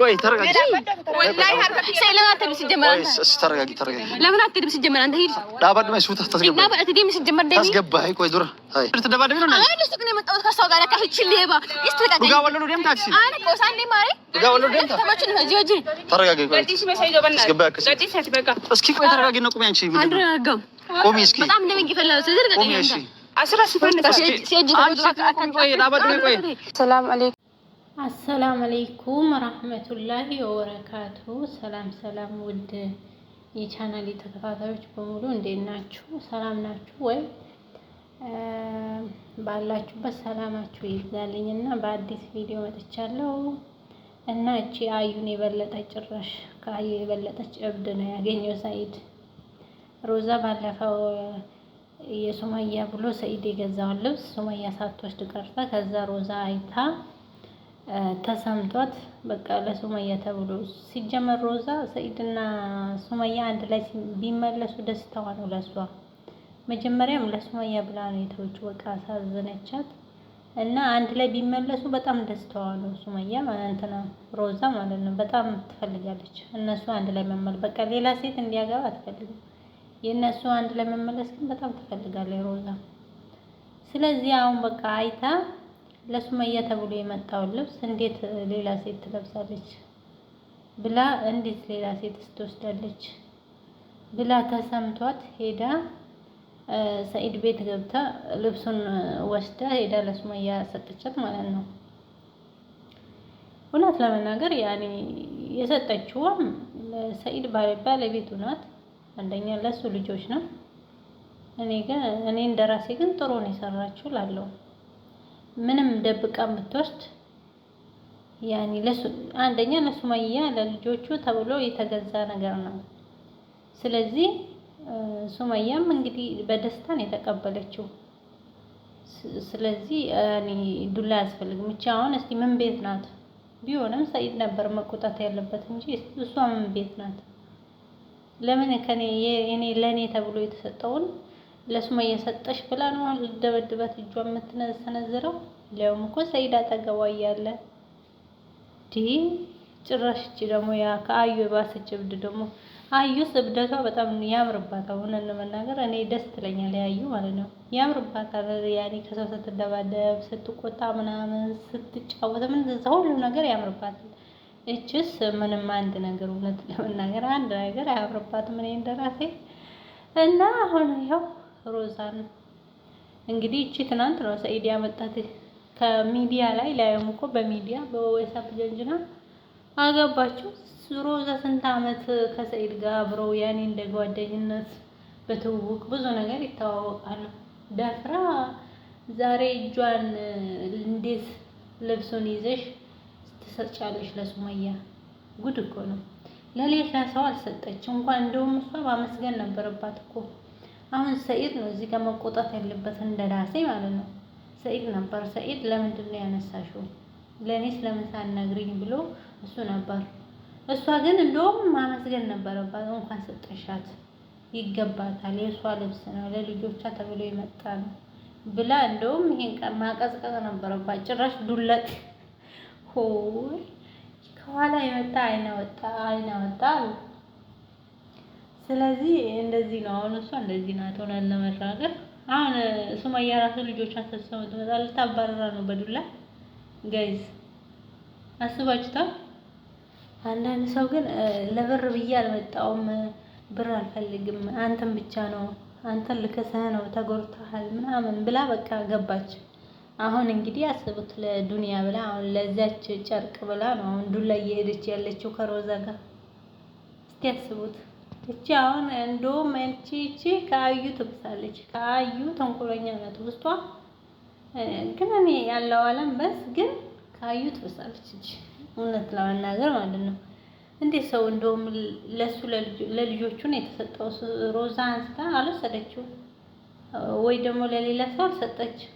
ቆይ ተረጋጊ። ወላሂ ሀርከት ሰላም አለይኩም አሰላም አለይኩም ረህመቱላሂ ወበረካቱ። ሰላም ሰላም፣ ውድ የቻናል ተከታታዮች በሙሉ እንዴት ናችሁ? ሰላም ናችሁ ወይ? ባላችሁበት ሰላማችሁ ይብዛልኝ እና በአዲስ ቪዲዮ መጥቻለሁ እና እቺ አዩን የበለጠች ጭራሽ ከአዩ የበለጠች እብድ ነው ያገኘው ሰኢድ። ሮዛ ባለፈው የሱመያ ብሎ ሰኢድ የገዛውን ልብስ ሱመያ ሳትወስድ ቀርታ ከዛ ሮዛ አይታ ተሰምቷት በቃ ለሱመያ ተብሎ ሲጀመር ሮዛ ሰኢድና ሱመያ አንድ ላይ ቢመለሱ ደስታዋ ነው ለሷ። መጀመሪያም ለሱመያ ብላ ነው የተወችው፣ በቃ አሳዘነቻት እና አንድ ላይ ቢመለሱ በጣም ደስታዋ ነው ሱመያ ነው፣ ሮዛ ማለት ነው። በጣም ትፈልጋለች እነሱ አንድ ላይ መመለስ፣ በቃ ሌላ ሴት እንዲያገባ አትፈልግም። የእነሱ አንድ ላይ መመለስ ግን በጣም ትፈልጋለች ሮዛ። ስለዚህ አሁን በቃ አይታ ለሱመያ ተብሎ የመጣውን ልብስ እንዴት ሌላ ሴት ትለብሳለች ብላ እንዴት ሌላ ሴት ስትወስዳለች ብላ ተሰምቷት ሄዳ ሰኢድ ቤት ገብታ ልብሱን ወስዳ ሄዳ ለሱመያ ሰጠቻት ማለት ነው። እውነት ለመናገር ያኔ የሰጠችውም ለሰኢድ ባለቤቱ ናት። አንደኛ ለሱ ልጆች ነው። እኔ ግን እኔ እንደራሴ ግን ጥሩ ነው የሰራችሁ ላለው ምንም ደብቃ ብትወስድ ያኔ ለሱ አንደኛ ለሱማያ ለልጆቹ ተብሎ የተገዛ ነገር ነው። ስለዚህ ሱማያም እንግዲህ በደስታ ነው የተቀበለችው። ስለዚህ ያኔ ዱላ አያስፈልግም። ብቻ አሁን እስቲ ምን ቤት ናት? ቢሆንም ሰይድ ነበር መቆጣት ያለበት እንጂ እሷ ምን ቤት ናት? ለምን ከኔ የኔ ለኔ ተብሎ የተሰጠውን ለሱማ እየሰጠሽ ብላ ነው ልደበድባት እጇ የምትሰነዝረው። ሊያውም እኮ ሰይድ አጠገቧ እያለ ዲ ጭራሽ እቺ ደግሞ ያ ከአዩ የባሰች እብድ ደግሞ አዩ እብደቷ በጣም ያምርባታል። እውነት ለመናገር እኔ ደስ ትለኛል ያዩ ማለት ነው ያምርባታል። ያኔ ከሰው ስትደባደብ፣ ስትቆጣ፣ ምናምን ስትጫወት፣ ምን ሁሉ ነገር ያምርባታል። እችስ ምንም አንድ ነገር እውነት ለመናገር አንድ ነገር አያምርባትም። እኔ እንደራሴ እና አሁን ያው ሮዛን እንግዲህ እቺ ትናንት ነው ሰኢድ ያመጣት ከሚዲያ ላይ ላይም እኮ በሚዲያ በወይሳፕ ጀንጅና አገባችው። ሮዛ ስንት አመት ከሰኢድ ጋር አብረው ያኔ እንደ ጓደኝነት በትውውቅ ብዙ ነገር ይተዋወቃሉ። ደፍራ ዛሬ እጇን እንዴት ልብሱን ይዘሽ ትሰጫለሽ ለሱመያ? ጉድ እኮ ነው። ለሌላ ሰው አልሰጠች እንኳን እንደውም እሷ ማመስገን ነበረባት እኮ አሁን ሰኢድ ነው እዚህ ጋር መቆጣት ያለበት እንደራሴ ማለት ነው። ሰኢድ ነበር። ሰኢድ ለምንድን ነው ያነሳሽው? ለእኔስ ለምን ሳትነግሪኝ ብሎ እሱ ነበር። እሷ ግን እንደውም ማመስገን ነበረባት። እንኳን ሰጠሻት፣ ይገባታል፣ የእሷ ልብስ ነው፣ ለልጆቿ ተብሎ የመጣ ነው ብላ እንደውም ይሄን ማቀዝቀዝ ነበረባት። ጭራሽ ዱለት ሆይ ከኋላ የመጣ አይናወጣ አይናወጣ ስለዚህ እንደዚህ ነው። አሁን እሷ እንደዚህ ናት። ሆነን ለመራገር አሁን ሱማያ ራሱ ልጆች አሰሰሙ ትመጣ ልታባረራ ነው በዱላ ጋይዝ አስባችሁታል። አንዳንድ ሰው ግን ለብር ብዬ አልመጣውም፣ ብር አልፈልግም፣ አንተን ብቻ ነው አንተን ልከሰህ ነው ተጎድተሃል ምናምን ብላ በቃ ገባች። አሁን እንግዲህ አስቡት፣ ለዱንያ ብላ አሁን ለዛች ጨርቅ ብላ ነው አሁን ዱላ እየሄደች ያለችው ከሮዛ ጋር። እስቲ አስቡት። እቺ አሁን እንደውም እቺ እቺ ከአዩ ትብሳለች። ከአዩ ተንኮለኛ ናት ውስጧ። ግን እኔ ያለው አለም በስ ግን ከአዩ ትብሳለች እቺ እውነት ለመናገር ማለት ነው። እንዴት ሰው እንደውም ለሱ ለልጆቹ ነው የተሰጠው። ሮዛ አንስታ አልወሰደችው ወይ ደግሞ ለሌላ ሰው አልሰጠችው።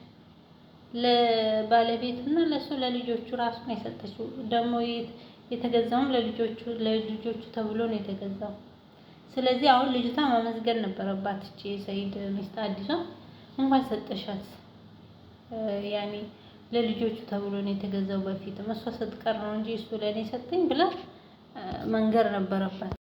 ለባለቤት እና ለሱ ለልጆቹ ራሱ ነው የሰጠችው። ደግሞ የተገዛውም ለልጆቹ ለልጆቹ ተብሎ ነው የተገዛው። ስለዚህ አሁን ልጅቷ ማመስገን ነበረባት። እቺ የሰይድ ሚስት አዲሷ እንኳን ሰጠሻት። ያኔ ለልጆቹ ተብሎ ነው የተገዛው። በፊት እሷ ስትቀር ነው እንጂ እሱ ለእኔ ሰጠኝ ብላ መንገር ነበረባት።